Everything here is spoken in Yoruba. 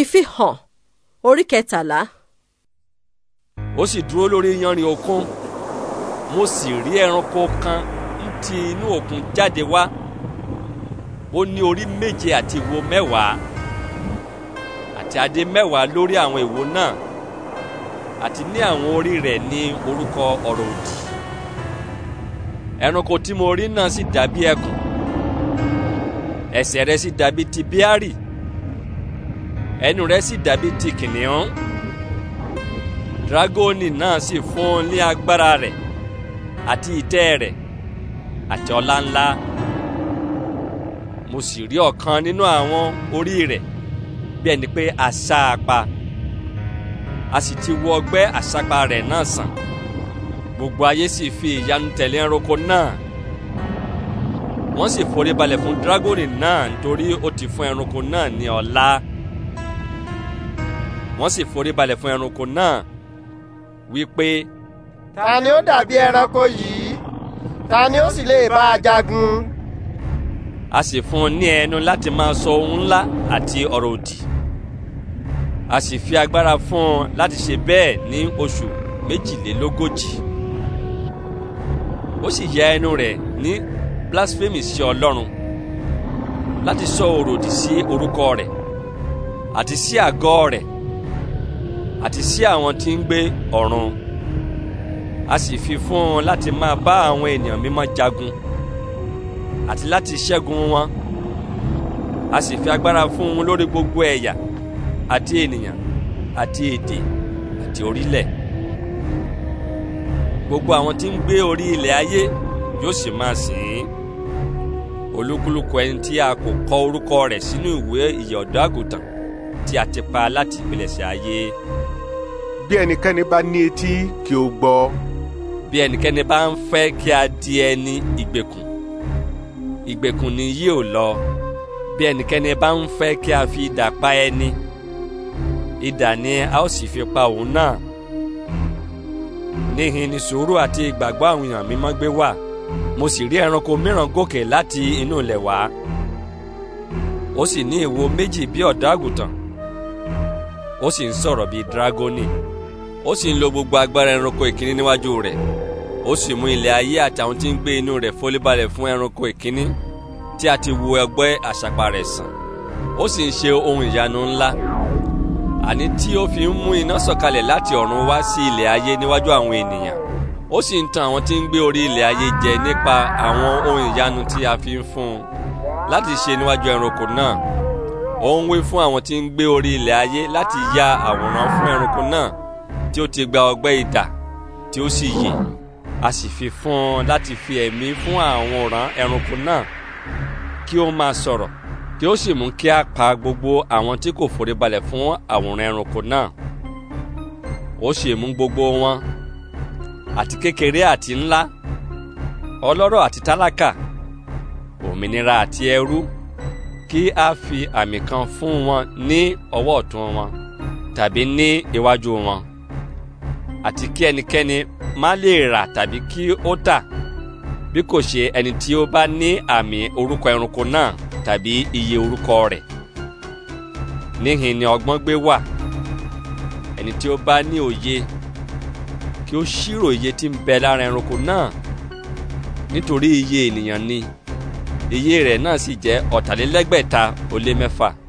ìfihàn orí kẹtàlá. ó sì dúró lórí yanrìn òkun mo sì rí ẹranko kan ń ti inú òkun jáde wá ó ní orí méje àti ìwo mẹ́wàá àti adé mẹ́wàá lórí àwọn ìwo náà àti ní àwọn orí rẹ̀ ní orúkọ ọ̀rọ̀ òdì ẹranko tí mo rí náà sì dàbí ẹkùn ẹsẹ̀ rẹ̀ sì dàbí ti bíárì ẹnu rẹ̀ sì dàbí ti kìnìún dragoni náà sì fún un ní agbára rẹ̀ àti ìtẹ́ rẹ̀ àti ọlá ńlá mo sì rí ọ̀kan nínú àwọn orí rẹ̀ bí ẹni pé àṣà apá a sì ti wọ ọgbẹ́ àṣàpá rẹ̀ náà sàn gbogbo ayé sì fi ìyanu tẹ̀lé ẹranko náà wọ́n sì forí balẹ̀ fún dragoni náà nítorí ó ti fún ẹranko náà ní ọlá wọ́n sì forí balẹ̀ fún ẹranko náà wípé. ta ni ó dàbí ẹranko yìí ta ni ó sì lè bá a jagun. a sì fún un ní ẹnu láti máa sọ ohun ńlá àti ọ̀rọ̀ òdì a sì fi agbára fún un láti ṣe bẹ́ẹ̀ ní oṣù méjìlélógójì ó sì ya ẹnu rẹ̀ ní blasphemy sí ọlọ́run láti sọ ọ̀rọ̀ òdì sí orúkọ rẹ̀ àti sí àgọ́ rẹ̀ àti sí àwọn tí ń gbé ọ̀run a sì fi fún un láti máa bá àwọn ènìyàn mímọ́ jagun àti láti ṣẹ́gun wọn a sì fi agbára fún un lórí gbogbo ẹ̀yà àti ènìyàn àti èdè àti orílẹ̀ gbogbo àwọn tí ń gbé orí ilẹ̀ ayé yóò sì máa sìn ín olúkúlùkù ẹni tí a kò kọ orúkọ rẹ̀ sínú ìwé ìyè àgùntàn tí a ti pa láti ìpilẹ̀ṣẹ̀ ayé. bí ẹnikẹ́ni bá ní etí kí ó gbọ́. bí ẹnikẹ́ni bá ń fẹ́ kí a di ẹni ìgbèkùn ìgbèkùn ni yìí ò lọ bí ẹnikẹ́ni bá ń fẹ́ kí a fi idà pa ẹni idà ni a ó sì fi pa òun náà níhìn ni sùúrù àti ìgbàgbọ́ àwọn èèyàn mímọ́ gbé wà mo sì rí ẹranko mìíràn gòkè láti inú ilẹ̀ wá ó sì ní ìwo méjì bí ọ̀dọ́ àgùntàn ó sì ń sọ̀rọ̀ bíi dragoni. ó sì ń lo gbogbo agbára ẹranko ìkíní níwájú rẹ̀ ó sì mú ilẹ̀ ayé àtàwọn tí ń gbé inú rẹ̀ fọlíbalẹ̀ fún ẹranko ìkíní tí a ti wo ẹgbẹ́ àṣàpà rẹ̀ sàn ó sì ń ṣe ohun ìyanu ńlá àní tí ó fi ń mú iná sọ̀kalẹ̀ láti ọ̀run wá sí ilẹ̀ ayé níwájú àwọn ènìyàn ó sì ń tan àwọn tí ń gbé orí ilẹ̀ ayé jẹ nípa àwọn ohun ìyanu tí a fi ń fún un láti ṣe níwájú ẹranko náà ó ń wí fún àwọn tí ń gbé orí ilẹ̀ ayé láti ya àwòrán fún ẹranko náà tí ó ti gba ọgbẹ́ idà tí ó sì yè a sì fi fún un láti fi ẹ̀mí fún àwọn ọ̀ràn ẹranko náà kí ó máa sọ̀rọ̀ kí ó sì mú kí a pa gbogbo àwọn tí kò foríbalẹ̀ fún àwòrán ẹranko náà ó sì mú gbogbo wọn àti kékeré àti ńlá ọlọ́rọ̀ àti tálákà òmìnira àti ẹrú kí a fi àmì kan fún wọn ní ọwọ́ ọ̀tún wọn tàbí ní iwájú wọn àti kí ẹnikẹ́ni má lè rà tàbí kí ó tà bí kò ṣe ẹni tí ó bá ní àmì orúkọ ẹranko náà tàbí iye orúkọ rẹ̀ níhìn ni ọgbọ́n gbé wà ẹni tí ó bá ní òye kí ó ṣírò iye tí ń bẹ lára ẹranko náà nítorí iye ènìyàn ni iye rẹ̀ náà sì jẹ́ ọ̀tàlélẹ́gbẹ̀ta ó lé mẹ́fà.